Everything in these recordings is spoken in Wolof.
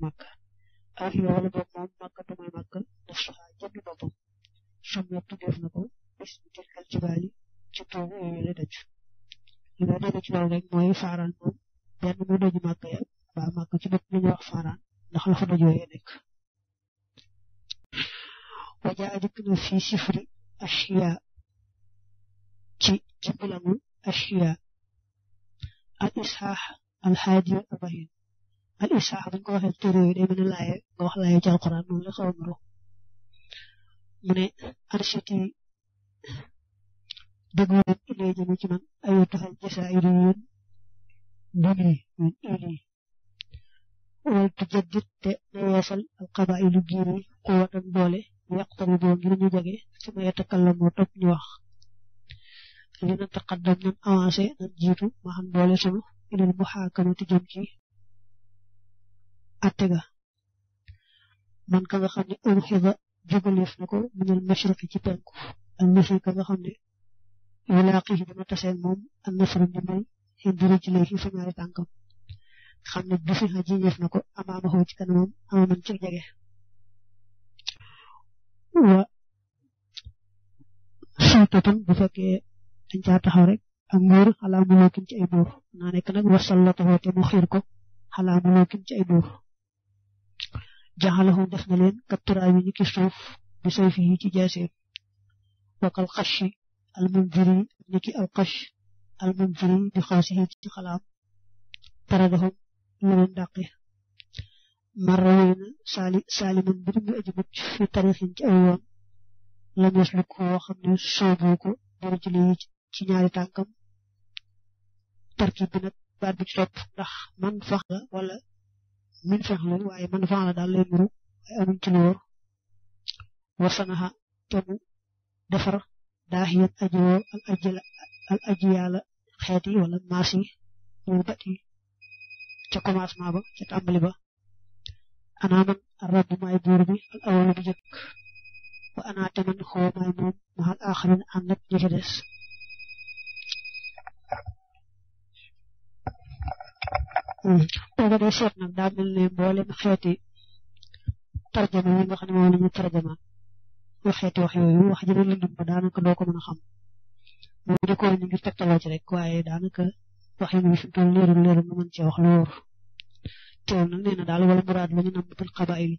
مكة أفي ولا بقام مكة تما مكة نصها جنب بابا شم يبتدي أفنكو اسم تلك الجبال جتوه يولي دج لما دج لولي موي فاران مو بيان مو دج مكة با مكة جبت من يوح فاران نخل خد جو ينك وجاء دكنا في سفر أشياء كي جبلا مو أشياء الإصحاح الحادي والأربعين al isha dañ ko waxe turu yi day mëna laye nga wax laye ci alquran mom la xaw arshati ci man ayu taxal jasa ay ri yéen duni min ili wal tujaddid te na yeesal al qabailu giir yi quwatan doole yaqtaru do ngir ñu jage su ma yatakallamu top ñu wax li na taqaddam ya, nan avancé nan jiitu ma xam doole ilal muhakamati jëm ci atte ga man ka nga xam ne urxiba jubaleef na ko minal mashriqi ci penku allasi ka nga xam ne walaaqi dana taseen moom ak nasara ndimbal xindiri ci lay fa ñaari tànkam xam ne du fi na ko amaama xoo ci kanamam amaman ci jege wa bu fekkee dañ caa rek ak nguur xalaa mulookin ci ay buur naa nekk nag wasallataxoo te mu xiir ko xalaa mulookin ci ay جعله دخنلين كالترابين كسوف بسيفه كجاسر وكالقش المنذري لكي القش المنذري بخاسه كخلاب طردهم من داقه مرين سالم بن أجبت في تاريخ كأيوان لم يسلكه وخم يصابوك برجلي كنار تاكم تركيبنا بعد بجرب نح من فخر ولا من فهم واي من فعل دال لي نور اي ام تي نور وصنها تم دفر داهية اجو الاجل الاجيال خيتي ولا ماسي من باتي تكو ماس ما با تتاملي با انا من الرب ما يدور بي الاول بجك وانا تمن خو ما يدور مع الاخرين انك جفرس Thank you. booba day seet nag daa mel ne mboolem xeeti tarjama yi ne moom la ñu tarjama lu xeeti wax yooyu wax ji na lëndëm ba daanaka doo ko mën a xam moom di ko rek waaye daanaka wax yi ñu fi doon leerul leerul nga mën cee wax lu wóor teew na daal wala muraad la ñu nam bil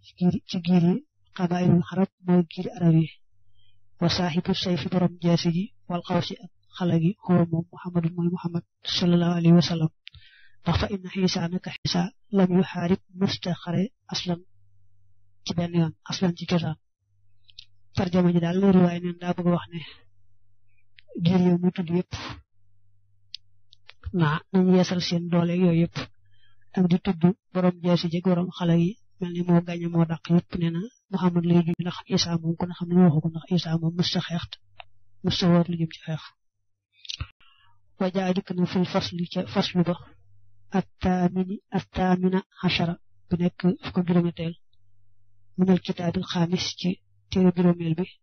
ci giir ci giir yi xabaayilul xarab mooy giir arab yi wa saaxibu ji wal xaw si ak xala gi xoo moom alayhi wa ndax fa inna xisa naka hisa, lam yu xaarib musta aslan ci benn yoon aslan ci cosaan tarjama ji daal loolu waaye neen daa bëgg wax ne giir yow mu tudd yépp naa nañu yeesal seen doole yooyu yépp ak di tudd borom jeesi jeg borom xale yi mel ni moo gañe moo yépp nee muhammad lay ju ndax isa moom ku ne waxu ko ndax isa moom musta xeext musta woor lu jëm ci xeex wa jaa dikk na fil faslu ba الثامن الثامن عشر بنك فكم جرمتين من الكتاب الخامس كي تير جرميل بي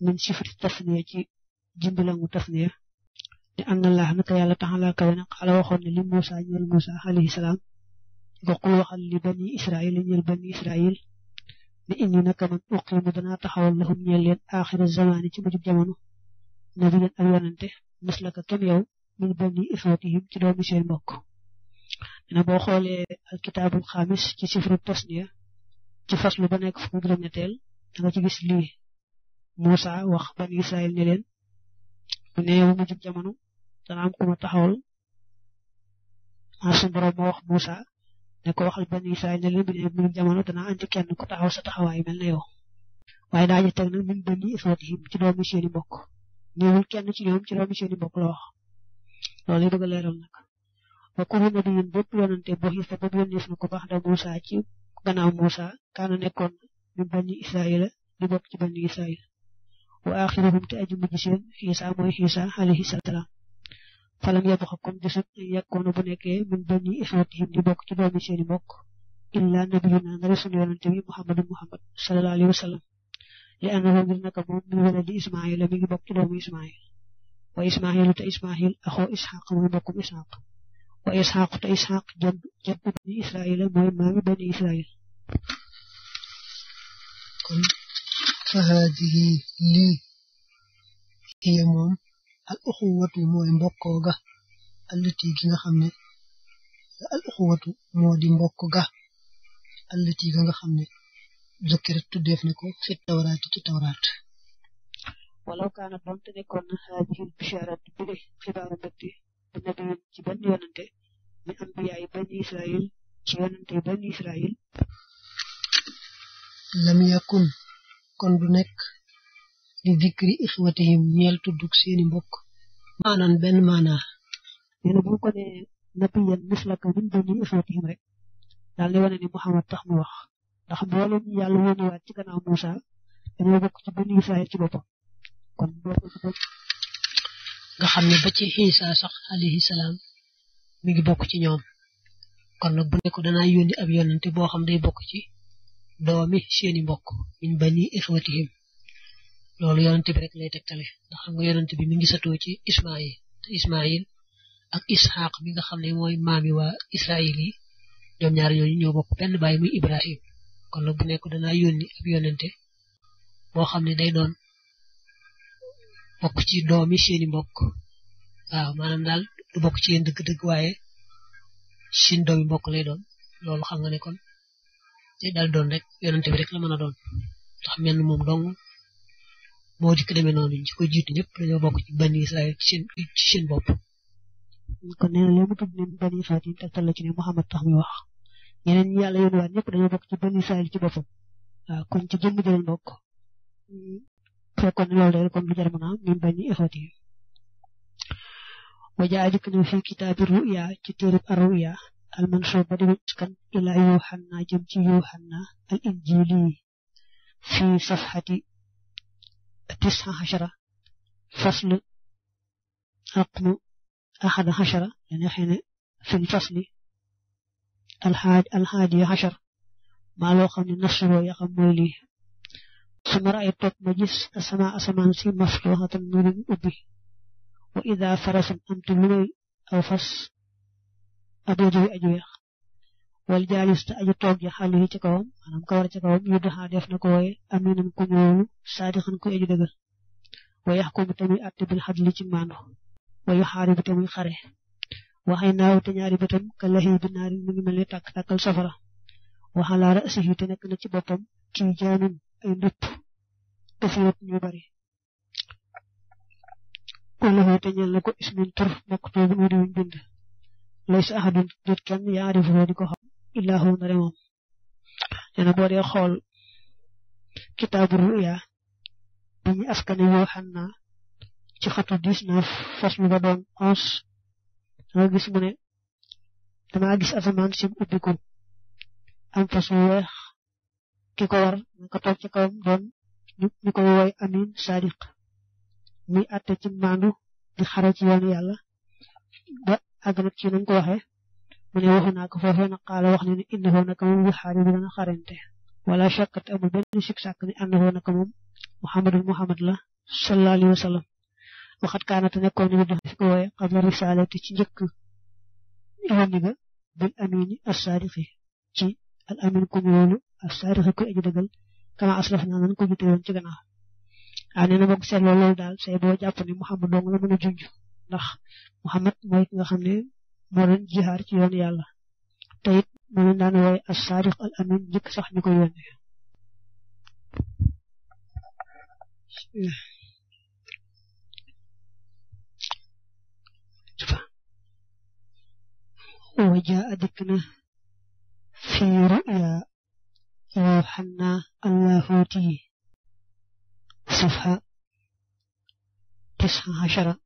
من شفر التثنية كي جنبلان تثنية لأن الله نك يالا تعالى كوانا قال وخون لموسى نيل موسى عليه السلام وقل وخل لبني إسرائيل نيل بني إسرائيل لإني نك من أقيم دنا تحول لهم نيل آخر الزمان كي بجب جمانو نبيا أنت مثلك كم يوم من بني إخوتهم كدوم سين بوك ne boo xoolee alkitaabul xaamis ci sifru tasniya ci faslu ba nekk fukki juróom-ñetteel da nga ci gis lii Moussa wax ban Israël ne leen bu neewu mu jub jamono dana am ku ma taxawal suñu wax Moussa ne ko waxal ban Israël ne leen bu neewu mu jub dana andi kenn ku taxaw sa taxawaay mel na yow waaye daa ji teg nag min bani israatihim ci doomi seeni mbokk ñëwul kenn ci ñoom ci doomi seeni mbokk la wax loolu yi bëgg a leeral nag wa kullu nabiyyin bëpp yonante bu xisa bëpp yonnees na ko baax da Moussa ci gannaaw Moussa kaana nekkoon ñu bani Israila di bokk ci bani Israil wa axiruhum te aji mujj seen Xiisa mooy Xiisa alayhi salaam falam yabxa comme desut yakkoonu bu nekkee min bani israilihim di bokk ci doomi seeni mbokk illa nabiyuna ndare sunu yonante bi Muhammadu Muhammad sallallahu alayhi wa sallam li annahu ngir naka moom min waladi Ismaila mi ngi bokk ci doomu Ismail wa Ismailu te Ismail axoo Ishaq muy mbokkum Ishaq وإسحاق إسحاق جد جد بني إسرائيل موي مامي بني إسرائيل كن فهذه لي هي مهم الأخوة مهم مبقوغا التي كنا خمنا الأخوة مهم مبقوغا التي كنا خمنا ذكرت تدفنكو في التوراة في التوراة ولو كانت بنت نكون هذه البشارة بلي خبار بتي nabiyin ci benn yonante min anbiyaay bani israil ci yonante bani israil lam yakun kon du nekk di dikri ikhwatihim ñeel tudduk seeni mbokk maanan benn maanaa neena bu ko ne nabiyan mislaka min bani ikhwatihim rek daal muhammad tax mu wax ndax mboolem yàlla wóoni waat ci gannaaw muusa dañoo bokk ci bani israil ci boppam kon boo ko nga xam ne ba ci Isa sax alayhi salaam mi ngi bokk ci ñoom kon nag bu ne ko danaa yónni ab yonante boo xam day bokk ci doomi seeni mbokk min bani ixwatihim loolu yonante bi rek lay tegtale nga yonante bi mi ngi satoo ci Ismaayil te Ismaayil ak Isxaaq mi nga xam ne mooy maami waa Israayil yi ñoom ñaar ñooñu ñoo bokk benn baay muy Ibrahim kon nag bu ne ko danaa yónni ab yonante boo xam ne day doon bok ci doomi seeni mbokk waaw maanaam daal du bok ci yéen dëgg-dëgg waaye seen doomi mbokk lay doon loolu xam nga ne kon day daal doon rek yonante bi rek la mën a doon ndax mel moom dong moo dikk demee noonu ñi ko jiitu ñëpp dañoo bokk ci bani israel ci seen ci seen bopp kon nee na léegi tudd ne bani israel yi tegtal la ci ne muhammad tax muy wax yeneen ñi yàlla yoon waat ñëpp dañoo bokk ci bani israel ci boppam waaw kon ci jëmm jëleen bokk fekkoon loolu day kon du jar mën a am min bañ ixwati wa jaa dikk na fi kitaabi ruya ci téerib arruya al mansuba di kan ila yuhanna jëm ci yuhanna al injili fi safhati تسعة عشرة فصل رقم أحد عشرة يعني حين في الفصل الحاد الحادي عشر ما لو خمني نصر ويقم لي سمرأ يطوك مجيس السماء أسمان سي مفتوحة نور أبي وإذا فرس أمت مني أو فس أبو جوي أجويخ والجالس تأجي طوك يحاله تكوام أنام كوار تكوام يدها ديفن كوي أمين كنون صادقا كو أجي دقر ويحكم تمي أبت بالحدل تمانو ويحارب تمي خره وحيناو تنياري بتم كالله بنار من ملي تاك تاك السفرة وحالا رأسه تنك نتي كي جانم أي نبو asirat ñu bari wala hu te ñal ko ismin tur maktub mu di bind laysa ahadun dit kan yaarifu di ko xam illahu na remom ñana bo de xol kitabur ruya dañu askane yohanna ci xatu 19 fas mi ba doon 11 nga gis mu ne dama gis asamaan ci ubbiku am fas weex ki ko war nga toog ci kawam doon ñu koy wooy amin sadiq muy àtte ci maandu di xare ci yoonu yàlla ba àgg nag ci nu mu ko mu ne waxu naa ko foofee na xaala wax ne moom bu xaari bi dana xarante wala shakkat amul ni annahu naka moom muhammadun muhammad la sallallahu alayhi wa sallam waxat kaanata nekkoon ni dafa ko wooye qabla risalati ci njëkk yónni ga bil amini as sadiqi ci al amin ku mu sadiqi ku aji dëggal kala kama na nan ko jitu won ci gënaaw ani na bok seetlo loolu dal sey bo japp ni muhammad do nah, nga mën jundju ndax muhammad moy ki nga xamne mo moo jihar ci yoon yalla tay mo moo leen daan wooye as sariq al amin njëkk sax ni ko ya, yónne ya. وجاء ذكنا في رؤيا وحنا اللاهوتي صفحة تسعة عشر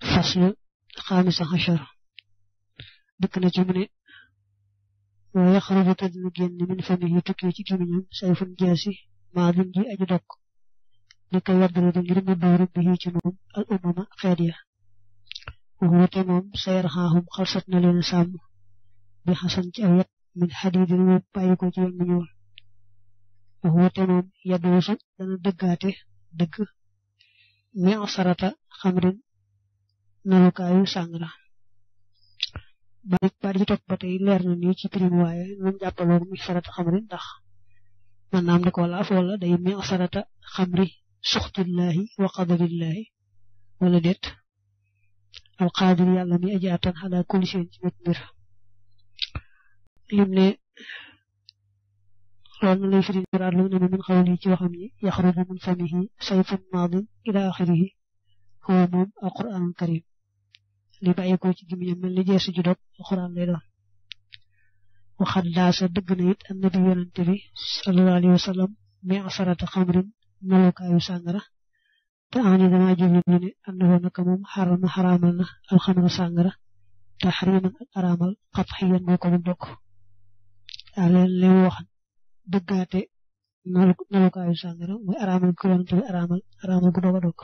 فصل خامس عشر دكنا جمني ويخرج تدن جن من فمه تكي جمني سيف جاسي ما دنجي أجدك لكي يدل دنجر مدور به جنوم الأمم خيرية وهو تمام سيرهاهم خلصتنا لنسام بحسن جاوية min hadidin wu pay ko ci yom ñu ñuul wuute moom yaduusu dana deggate degg mi asarata khamrin narukaayu kayu sangra baat ji topp ba tey leer na ni ci pirim waaye ñu jappalo mi asarata khamrin tax man naam da ko wala day mi asarata khamri suxtillahi wa qadarillahi wala déet alqaadir yàlla mi aji attan xalaa kulli shay'in ci lim ne loolu na lay firi juraat lu ne min xawli famihi sayfun maadin ila axirihi huwa moom al quran karim li bàyyi ko ci gémmiñam mel ni jeesu ju dog alquran lay doon waxat dëgg na it annabi yonante bi sallallahu alayhi wa sallam asarata xamrin melukaayu sàngara te ani dama jublu ñu ne annahu naka moom xarama xaraamal na alxamru sàngara taxriman ak araamal xat xiyan moo ko bu dokk saa loolu wax dëggaate nalukaayu sàngara muy araamal ko yonent bi doog a dog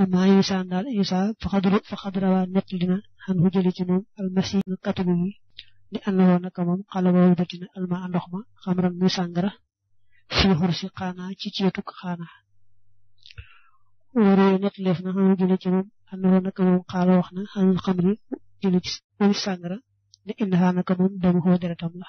amaa Isa daal Isa fa xadra fa xadra waa nett xan fu jëli ci moom almasi katu bi ni ànd woon moom xala ba na xam xamri jëli ci ni indi xaa naka moom dama xoo deretam la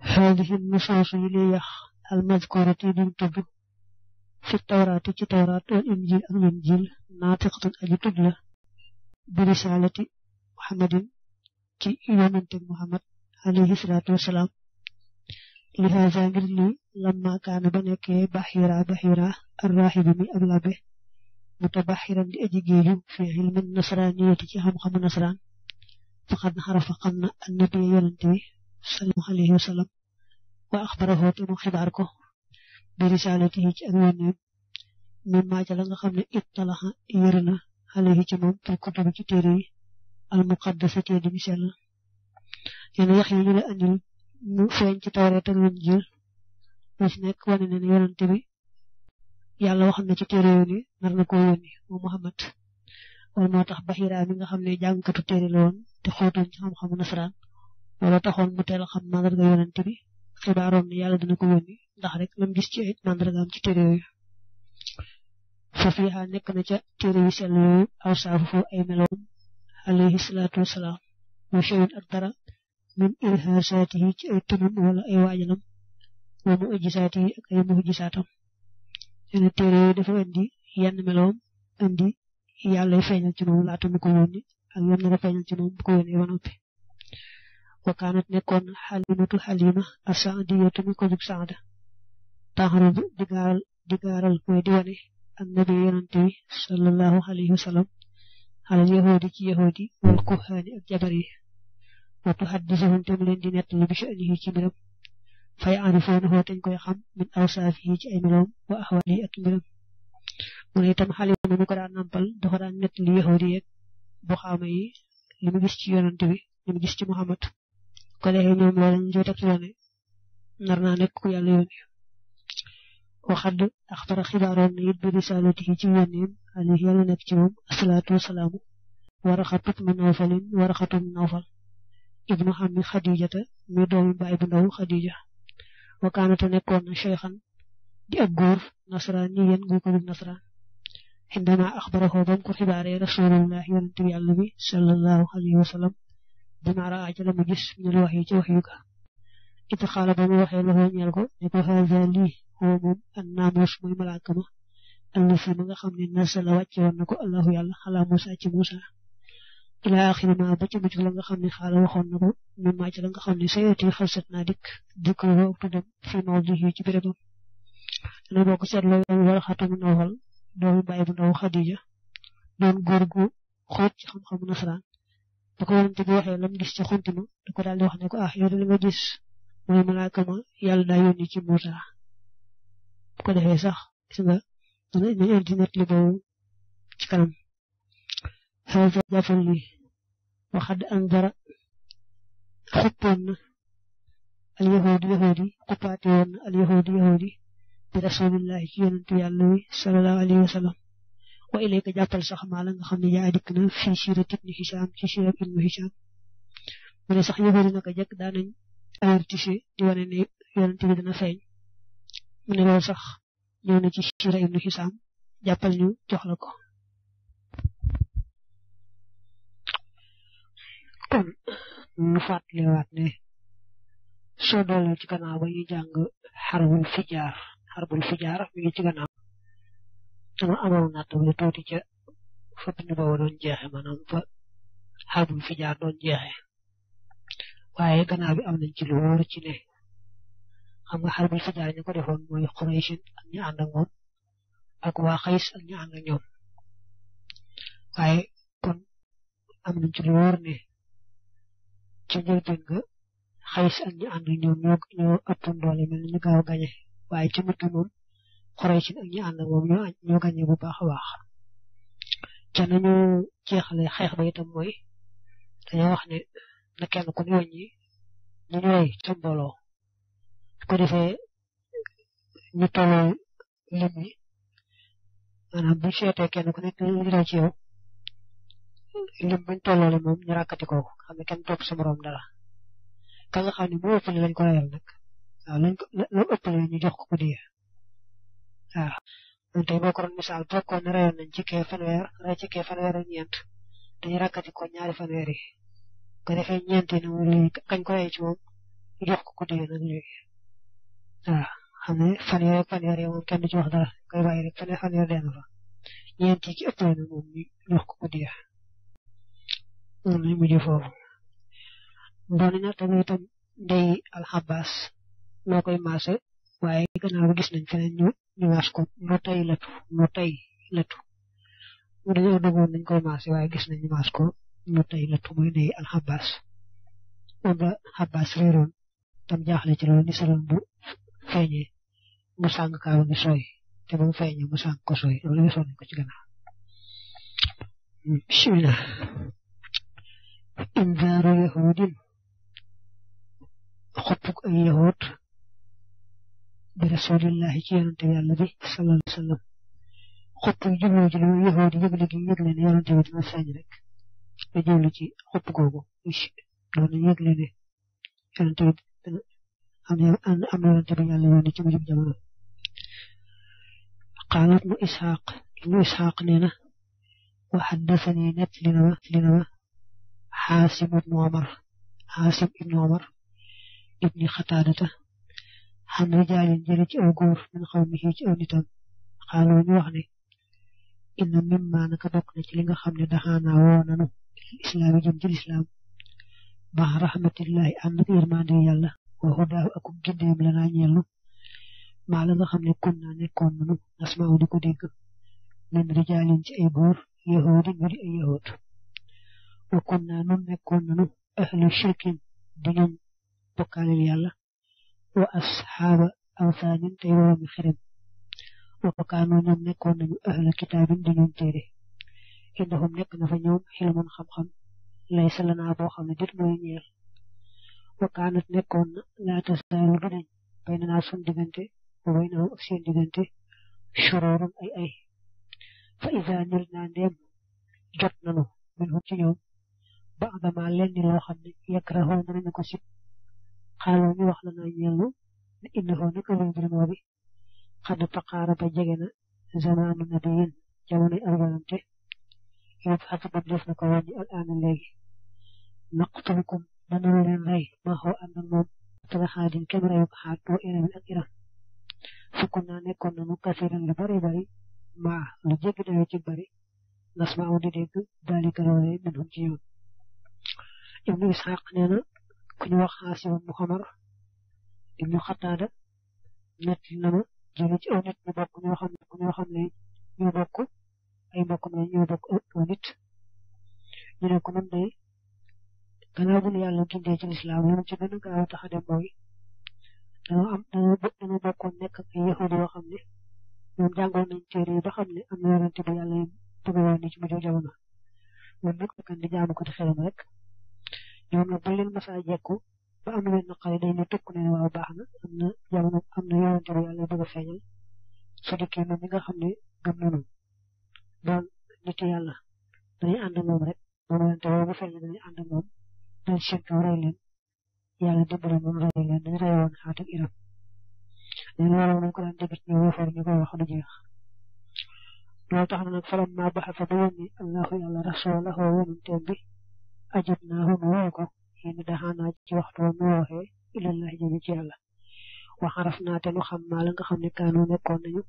هذه النصوص يلي يخ المذكورة دين تبو في التوراة في التوراة والإنجيل الإنجيل ناطقة أجي تبلا برسالة محمد كي يومنت محمد عليه الصلاة والسلام لهذا ngir lii lamma kaana ba nekkee baxira baxira arraaxibi mi ab labe mutabaxiran di aji géeju fi xilmi nasraaniyati ci xam-xamu nasraan faqad arafa xamna annabi yonante bi sallallahu alayhi wa sallam wa akhbarahu te mu xibaar ko bi risalatihi ci ak yonne min ma jala nga xamne ittalaha yerna di misal yene wax yi ñu mu feñ ci tawrat ak injil lu ci nek wone na yonante bi yalla wax na ci téré mu muhammad wal motax bahira mi nga jangkatu téré la te xóotoon ci xam-xamu nasaraan looloo mu teel a xam mandarga yonent bi xibaaroon ni yàlla dina ko yónni ndax rek lam gis ci ay mandargaam ci téere yooyu fa fiiha nekk na ca téere yu sell yooyu aw saafu foofu ay meloom alayhi salaatu wasalaam wa shay'un ak dara min ilhaasaatihi ci ay tënum wala ay waajalam wa mu ujjisaatihi ak ay muujisaatam téere yooyu dafa indi yenn meloom indi yàlla feeñal ci moom laata mu ak yoon nga feñal ci mom ko wone ba nopi wa kanat nekkon halimatu halima asaadiyatu mi ko jub saada taxaru digal digaral koy di wone an nabi yonante bi sallallahu alayhi wasallam ala yahudi ci yahudi wal kuhani ak jabari wa tuhaddisuhum tam len di netal bi sha'nihi ci biram fay arifonu ho tañ koy xam min awsafihi ci ay melom wa ahwali ak biram mu ne tam halimatu ko daan nampal do ko daan netal yahudi ak buxaama yi li ci yonante bi li mu ci Muhammad ko defee ñoom loolu ñu joy tegtaloo ne nar ku yàlla yónni waxad axbara xibaaroon na it bi risaalatihi ci yónneem alayhi yàlla nekk ci moom asalaatu wasalaamu waraxatut mu nawfalin waraxatu mu nawfal ibnu xammi xadijata mi doomi baay bu ndaw xadija wakaanata nekkoon na cheikhan di ak góor nasraan ñi yéen gu ko dug عندما أخبره بمكو خباري رسول الله ينتبي الله صلى الله عليه وسلم بما رأى جل مجس من الوحي جوحيك إذا قال بما وحي له يلقو نكو هذا لي هو من الناموس مي ملاكمة الذي ما خمني الناس لوجه ونكو الله يلا على موسى موسى إلى آخر ما بجي مجو لنغا خمني خالا وخون مما جل لنغا خمني سيأتي خلصتنا لك ذكره وقتنا في موضوعه جبرمم أنا بوكسر لو الخاتم الأول doomu baye bu ndaw khadija doon góor gu xóot ci xam-xamu nasaraan da ko yonente bi waxe lam gis ci xuntuma da ko dal di wax ne ko ah yow de nga gis mooy malaaka ma yalla da yoni ci mota bu ko defé sax gis nga dana indi indi net li boobu ci kanam xawta jàppal li waxad an dara xoppon al yahudi yahudi ko woon na al yahudi yahudi bi rasulillahi ci yonentu yàlla wi sallallahu wa sallam wa jàppal sax maa nga xam ne yaa dikk na fii sirat ibnu Hisham sax yëgari naka jëkk daanañ avertise di feeñ mu ne sax ñëw na ci sirat ibnu Hisham jàppal ñu jox kon ñu fàttaliwaat ne soo dooloo ci gannaaw ba jàng xarwul fijaar harbul fijaar mi ngi ci gannaaw dama amoon natt lu tuuti ci fa bind ba doon jeexe maanaam fa harbul fijaar doon jeexé waye gannaaw bi am nañ ci lu wor ci ne xam nga harbul fijaar ñu ko defoon moy quraysh ak ñu and ak woon ak wa khays ak ñu and ak ñoom waye kon am nañ ci lu wor ne ci njëlbeen nga xays ak ñu ànd ñoom ñoo ëppoon doole mel ni ñu gaaw gañe waaye ca Makka moom Quraysh ak ñi ñoo ñoo gagné bu baax a baax ca nañu jeexale xeex ba itam mooy dañoo wax ne na kenn ku ne wàññi ñu ñu rey ko defee ñu tolloo lim yi bu seetee kenn ku nekk ñu rey ci yow lim ñu ràkkati kooku kenn topp sa moroom ka nga xam ne moo ëppale lañ ko reyal lañ ko lu ëppale ñu jox ko diya waaw ñu tay bokk ron misal bokk na reyon nañ ci kee fanweer re ci kee fanweer ak ñeent dañu rakkati ko ñaari fanweer yi ko defee ñeent yi mu li kañ ko rey ci moom ñu jox ko ko diya nag léegi waaw xam ne fanweer ak fanweer yi moom kenn du ci wax dara koy bàyyi rek fanweer fanweer dee na fa ñeent yi ki ëppale na ñu jox ko ko diya loolu lañ mujj foofu ni na tamit day al Abbas noo koy maase waaye gannaaw bi gis nañ feneen ñu ñu maas ko nu tay latu nu tay latu mu dañoo dëggoon koy maase waaye gis nañ ñu maas ko nu tay latu muy ney alxabaas moom xabaas réeroon tam jaaxle ci loolu ni bu feeñee mu sàng kaaba ngi sooy te ba mu mu sàng ko sooy loolu gisoon nañ ko ci gannaaw bismillah indaaru yahudin xoppuk ay yahud برسول الله كيان تبع النبي صلى الله عليه وسلم خط الجمل جلو يهود يبلغ يغلن يا رجل ما سانجلك يجيب لك خط جوجو مش وحدثني نت لنا لنا حاسم بن عمر حاسم بن عمر ابن خطالته xam rijaalin jële aw góor min xaw mi ci aw nitam xaaloo ñu wax ne inna mimmaa naka bokk na ci li xam ne daxaanaa woo nanu islaami jëm ci lislaam max rahmatillahi ànd ak yërmande yàlla wa akum gindeem la naa ñeellu maa la nga xam ne kun naa nekkoon nanu nasmaaw di ko dégg min rijaalin ci ay góor yahuudin wa di ay yahuud wa kun naa nun nekkoon nanu ahlu shirkin di ñoom bokkaale وأصحاب أوثان تيرو خرم وكانوا نم نكون أهل كتاب دنون تيري عندهم نك في نيوم حلم خم خم ليس لنا أبو خم جت وكانت نكون لا تزال بدن بين سن دغنتي وبينهم سين دغنتي شرور أي أي فإذا نلنا نيم جتنا منهم في نيوم بعد ما لين لو يكرهون من سيب xaaloo ñu wax la na ñeelu ne innahu naka moom dulmoo bi xadd paqaara ba jege na zamaanu nabiyin jamonoy ak yonante yoon fa xatamat def na ko wàññi al aana léegi naqtulukum danañu leen rey maa xoo ànd ak moom tala xaadin kenn reyu ko xaat boo iramin ak na mu kasiran bari bari maa lu jéggi dayoo ci bari nas ma aw daalika loolee min hum ci yoon ibnu isxaq nee ku ñu wax xaasim bu xamar ibnu xataada nett na ma jële ci aw nit ñu bokk ñoo xam ñoo xam ne ñoo bokk ay mbokkam la ñoo bokk aw nit ñu ne ko man day gannaaw bu nu yàlla gindee ci lislaam lu ci gën a gaaw a tax a dem mooy dañoo am dañoo bokkoon nekk ak yahud yoo xam ne ñoom jàngoon nañ téere yi ba xam ne am na yonente bu yàlla yi bëggoon ni ci mujj jamono ñoom nag kan di jaamu ko di xelam rek ñoom na baleen ma sa jekku ba am wenn xale day ne tukk ne waaw baax na am na jamono am na yowante bu yàlla bëgg a feeñal su dikkee na mi nga xam ne gëm nanu doon nit yàlla dañuy ànd moom rek moom yowante boobu feeñal dañuy ànd moom dañ seen kaw rey leen yàlla dimbale moom rey leen dañ rey woon xaat ak iram dañ waral nañ ko daan dégg ci ñëw far ñu koy wax du jeex loolu tax na nag falam maa baxa fa ba yónni allahu yàlla ya rasulahu wa yonanteem bi ajabnahu hu wuyu ko da hana ci waxtu wa waxe ila allah jami ci allah wa xarafna te nu xam la nga xam ne kaanu nekkoon nañu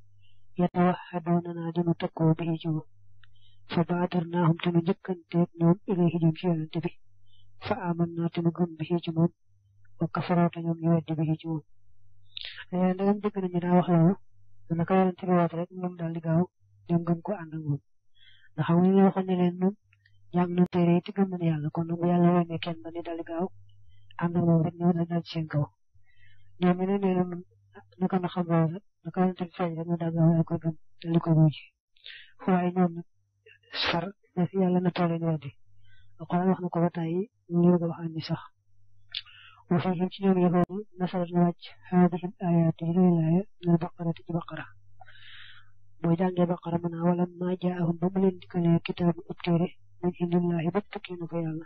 yatawaxadoona naa dinu tëkkoo bi ju fa badarna hum te nu njëkkanteeg ñoom ilayhi jëm ci te bi fa amanna naa te nu gëm bi ci moom wa kafara te ñoom ñu weddi bi ci moom nee ndagam dëgg ñu da wax loolu dana ko yonante ci woote rek moom dal di gaaw ñoom gën ko andal ak da ndax ñu waxoon len leen jàng na tere te gëm na yàlla kon nag bu yàlla wane kenn ba ni dali gaaw ànd ak moom rek ñëw na dal ci seen kaw ñoom ñu ne nee na naka ko gëm wax na ko ba tàyyi ñu sax wa fihim na wàcc haadihi ayaat yi ñuy laaya nal baqarati ci baqara booy jàngee baqara mën naa wala maa jaahum ba mu leen min indillahi bakkakeenu ko yàlla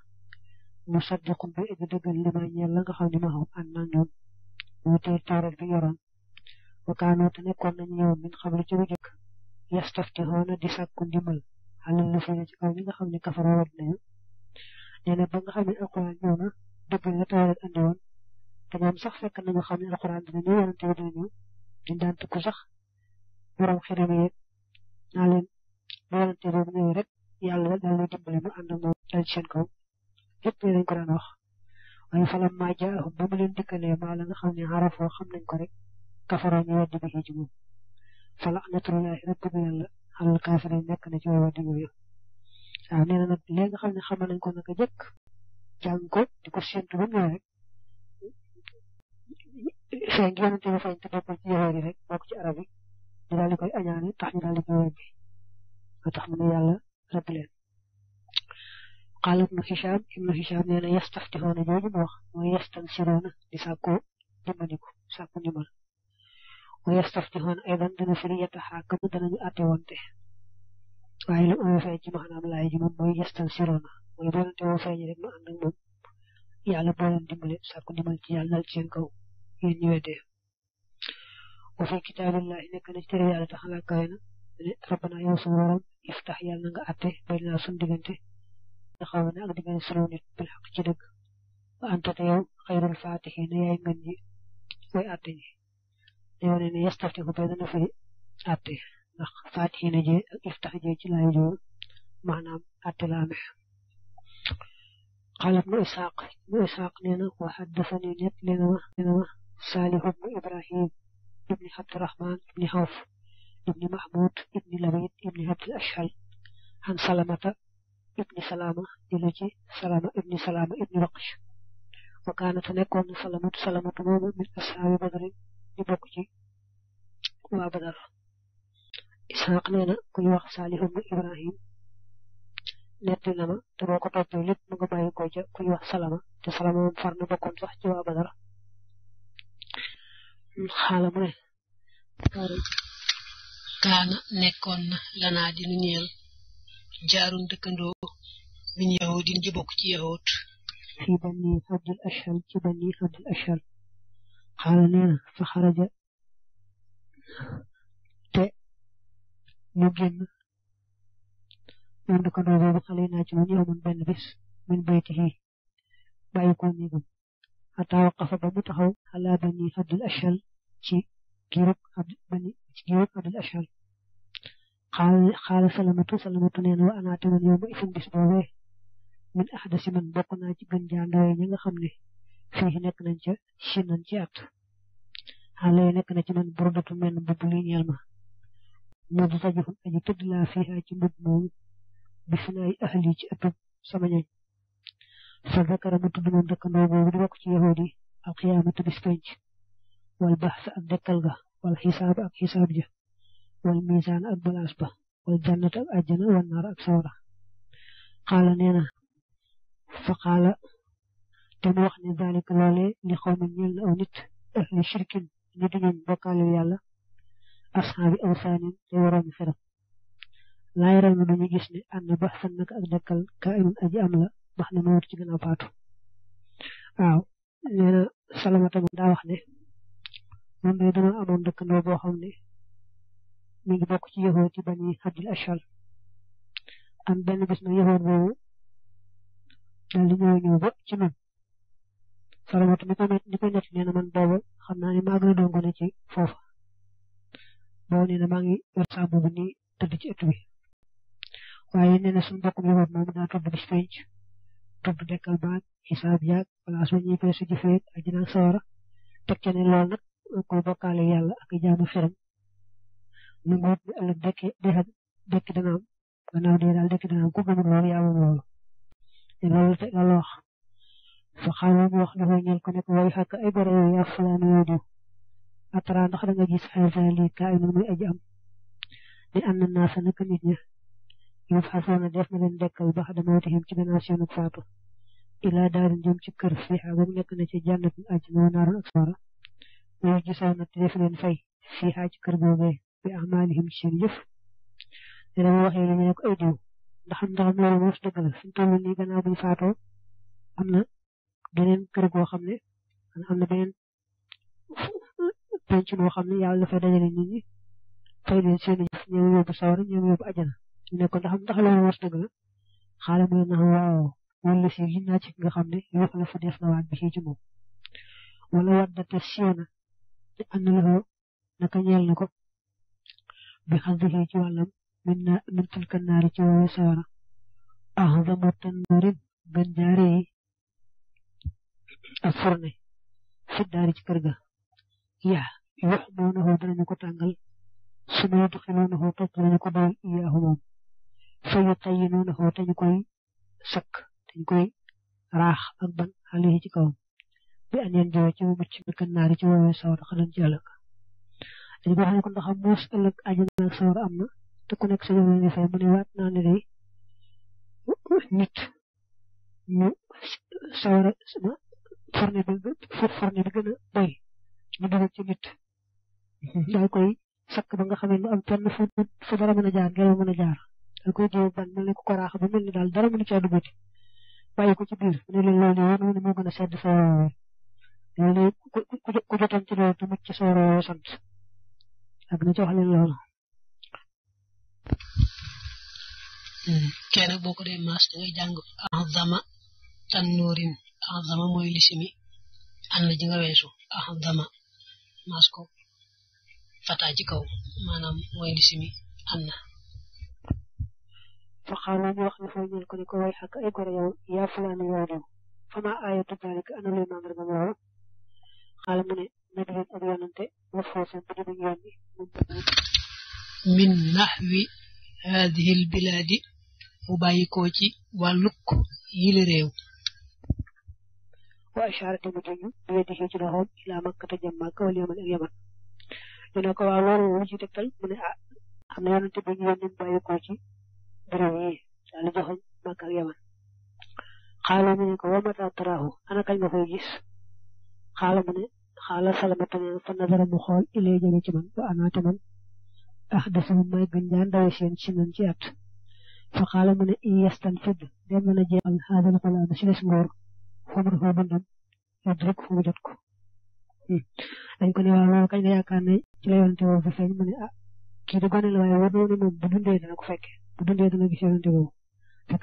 musaddiqun bi aji dëggal limaa ñeel la nga xam ne ma xam an naa ñoom wutee taarat bi yoroon wakaanoo te nekkoon nañu ñëw min xam lu ci bu jëkk yastaftihoona di sàkku ndimbal xalal lu fay ci kaw ñi nga xam ne kafara wat nañu nee na ba nga xam ne alquran ñëw na dëggal la taarat andi woon te ñoom sax fekk nañu xam ne alquran dina ñëw yonante bi dina ñëw dañ daan tukku sax borom xirami yeeg naa leen bu yonante bi ñëw rek yalla rek dal dimbali mu and mom dal seen kaw lepp lañ ko doon wax waye fa lam ma jaa ba mu leen dikkale ma la nga xamne arafo xam nañ ko rek kafara ñu wedd bi ci mom fa la'natullahi rabbul yalla al kafir nek na ci wedd yoyu waaw neena nak li nga xamne xamal nañ ko naka jëk jang ko diko sentu bu ñëw rek seen yoon te fañ te bokk ci yoon rek bokk ci arab yi dal di tax ñu dal di koy wedd tax mu yalla rappelé xaala ibnu Hisham ibnu Hisham nee na yastaftihoona jooju mu wax mooy yastansiroona di sàkku dimbandiku sàkku ndimbal wa yastaftihoona aydan dana firi yataxaakamu danañu àtte wonte waaye lu oyo feeñ ci maanaam laay ji moom mooy yastansiroona mooy boolante woo feeñ rek nu ànd ak moom yàlla boo leen dimbale sàkku dal ci seen kaw yéen ñu weddee wa fi kitaabillahi nekk na ci tere yàlla taxalaa kawe na ne rabbana yow sama borom iftax yàlla nga atte bay naa sun diggante da xaw ne ak diggante sunu nit bil xaq ci dëgg wa anta te yow xayrul faatihi na yaay ngën ñi way atte ñi ne wane ne yastafte ko bay dana fay atte ndax faatihi na jee ak iftax jee ci laay joo maanaam atte laa mex قال ابن إسحاق ابن إسحاق لنا وحدثني نت لنا سالح بن إبراهيم ابن عبد الرحمن بن عوف ابن محمود ابن لبيد ابن عبد الأشهل عن سلامة ابن سلامة جلجي سلامة ابن سلامة ابن رقش وكانت نكون سلامة سلامة مومو من أصحاب بدر نبقجي وبدر إسحاق نانا كي وقت صالح ابن إبراهيم netti لما ma te boo ko toppee lépp mu nga bàyyi ko ca kuy wax salama te salama moom far na kaana nekkoon na lanaa dinu ñeel jaarun dëkkandoo min yahudin ji bokk ci yahud fi bani abdul ashal ci bani abdul ashal xaala nee na fa xaraja te mu génn moom dëkkandoo boobu xale naa ci ñu amoon benn bis min baytihi bàyyi ko néegam xataa waqafa ba mu taxaw ala bani abdul ashal ci giiruk abd bani ci giiruk abd ashal xaal xaala salamatu salamatu neen wa anaate man yow ma isin bis boobee min ahdasi man bokk naa ci gën jaa ndawee ñi nga xam ne fii nekk nañ ca sinan ci at xaala yi nekk na ci man burdatu menn mbubb li ñeel ma aji sama ñañ wal bahs ak dekkal ga wal xisaab ak xisaab ja wal misaan ak balaas ba wal jannat ak àjjana wal naar ak sawra xaala nee na fa xaala te mu wax ne daalika loole li xaw ma ñeel na aw nit ahli shirkin ñu di ñoom bokkaale yàlla asxaabi aw saanin te waroomi xeram laay raw na ñu gis ne ànd baxsan naka ak dekkal kaayun aji am la bax na ma wut ci gën a faatu waaw nee na salamata daa wax ne non day dana amoon dëkkandoo boo xam ne mi ngi bokk ci yahood ci bani abdul ashal am benn bis na yahood boobu dal di ñëw ñëw ba ci man salamatu ni ko net ni ko net nee na man boobu xam naa ni maa gën a doon gone ci foofa boobu nee na maa ngi yor saabu bi nii tëdd ci ëtt bi waaye nee na suñ bokkum yahood moom daa tudd bis penc tudd dekkal baag xisaab yaag place ba ñuy koy su jëfee ak dina sawara teg ca ne lool nag koy bokkaale yàlla ak jaamu xeram nanguwut ne ëllëg dekki dekki dana ku gëmul loolu yaa loolu te loolu te loolu wax wax nekk way xàkk ay gore yooyu yaa ndax da nga gis xeer lii kaa inu muy aji am di ànd naa sa naka nit ña yow fasoon def na dekkal baax dama wuti ci gannaaw seenug faatu ilaa daarin jëm ci kër fi xaagu nekk na ci jànnatin àjjana wa naarun ak sawara ñoo gisaana te def leen fay fii xaaj kër googee bi amaalihim ci seen jëf dina ma waxee ne ñu ne ko ay diw ndax ndax loolu moos dëgg la suñu toll nii gannaaw buñ faatoo am na beneen kër goo xam ne am na beneen penc boo xam ne yàlla dafay dajale nit ñi fay leen seen i jëf ñoom yóbbu sawara ñoom yóbbu ajana ñu ne ko ndax ndax loolu moos dëgg la xaaral mu ne ndax waaw wala si ginnaaw ci nga xam ne yoo xam ne fa def na waat bi ci moom wala waat da te siiw na te ànd la naka ñeel na bi xas dëgg ci wàllam min na min tilka naari ci woowe sawara ahdamu tandurin gën jaare fi daari ci kër ga yaa wax noonu xoo danañu suma yu duxi noonu xoo topp danañu ko dool yaa moom fa yu tayyi noonu xoo te ñu koy sakk te ñu koy raax ak ban xale bi anen jowe ci mu mucc bi kan naari ci wowe sawar xalan ci ëlëk dañ ko xamne kon xam mos ëlëk aji na ak sawar amna te ku nek sa yow ñu fay mu wat na ne day nit ñu sawar sama forne bi forne bi gëna bay ñu dëgg ci nit dal koy sak ba nga xamne am fenn fu fu dara mëna jaar ngelaw mëna jaar dal koy jëw ban mel ni ko koraax ba mel ni dal dara mënu ci dugati bayiko ci biir ne leen loolu yoon mu mo gëna sedd fa loolu la ku jotoon ci loolu te ci ak na jox leen loolu. Hmm. kee nag boo ko dee maas da ngay jàng azama tannuurin azama lisimi ànd ji nga weesu azama maas ko fata ci kaw maanaam mooy lisimi ànd na fa xaala ñu wax ne foo ñeel ko ne ko way xakk ay gore yow yaa fulaana yow diw fama aayatu daalika ana luy màndargam loolu من نحو هذه البلاد وبايكوتي ولوك يلريو وأشار تمتعي بيده جنهم إلى مكة جمعك واليوم اليمن لأنك وعلى وجه تكتل من أمنيان تبنيان من بايكوتي بروي سألتهم مكة اليمن قال منك ومتى تراه أنا كلمة في جسم xaala mu ne xaala salamata nee na fa nazara mu xool ah, may gën jaan dawe seen ci man ci at fa xaala mu ne yestan fidd dem na jeexal xaadal xulaama si des ngóor rek fu mu jot ko hmm. dañ ko ne waaw loolu kañ nga yaakaar ne ci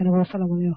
la yonante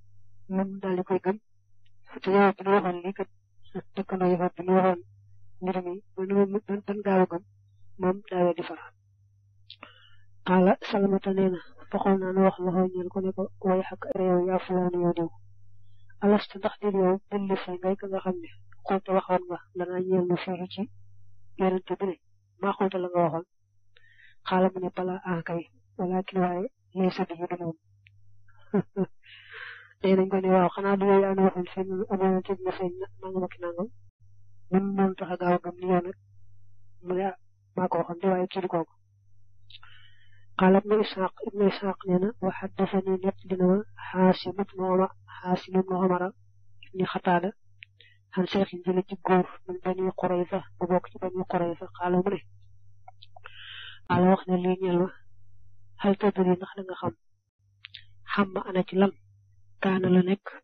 nu ma ban a nu wax ne ko way xak réew yaa fulaan yow diw ka nga xam ne xulta waxoon nga lanaa ñeel nu fiiru ci yonente bi ne maa xulta la xaala mu ne bala ankay walakin waaye lay sa diñu du moom tey dañ ko ne waaw xanaa du yaa nu waxoon feeñ na am yonent bi nangam ak nangam mun noonu tax gaaw gëm ni yow nag mu ne maa ko waxoon de waaye kii du kooku قال ابن إسحاق ابن إسحاق لنا وحدثني نتلنا حاسم بن عمر حاسم بن عمر بن خطالة عن شيخ جل جبور من بني قريظة وبوك بني قريظة قالوا منه قال وخنا لي نيلما kaana la nekk